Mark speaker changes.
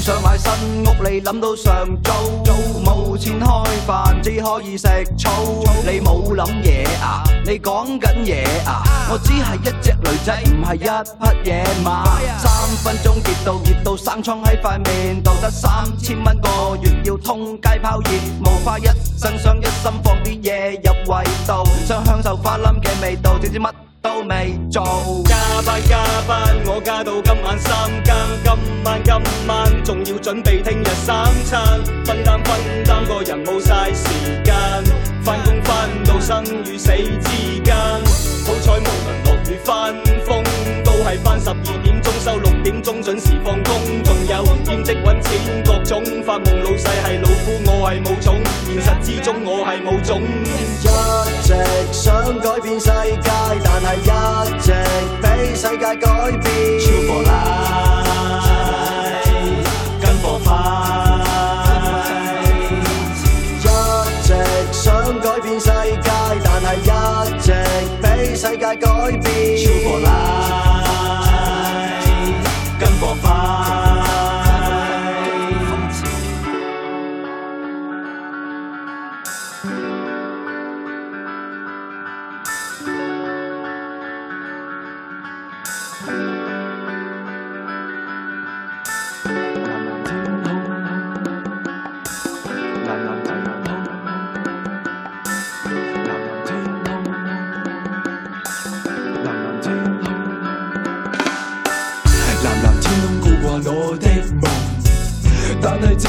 Speaker 1: 想買新屋，你諗到上租，冇錢開飯，只可以食草。你冇諗嘢啊？你講緊嘢啊？我只係一隻騾仔，唔係一匹野馬。三分鐘跌到熱到生瘡喺塊面，度得三千蚊個月要通街泡熱，無花一生傷，想一心放啲嘢入胃度，想享受花冧嘅味道，點知乜都未做。加班加
Speaker 2: 班，我加到今晚三更。班仲要準備聽日三餐，分擔分擔個人冇晒時間，翻工翻到生與死之間。好彩無論落雨翻風都係翻，十二點鐘收，六點鐘準時放工，仲有兼職揾錢，各種發夢，老細係老夫，我係冇種。現實之中我係冇種，一直
Speaker 1: 想改變世界，但係一直被世界改變。超波啦！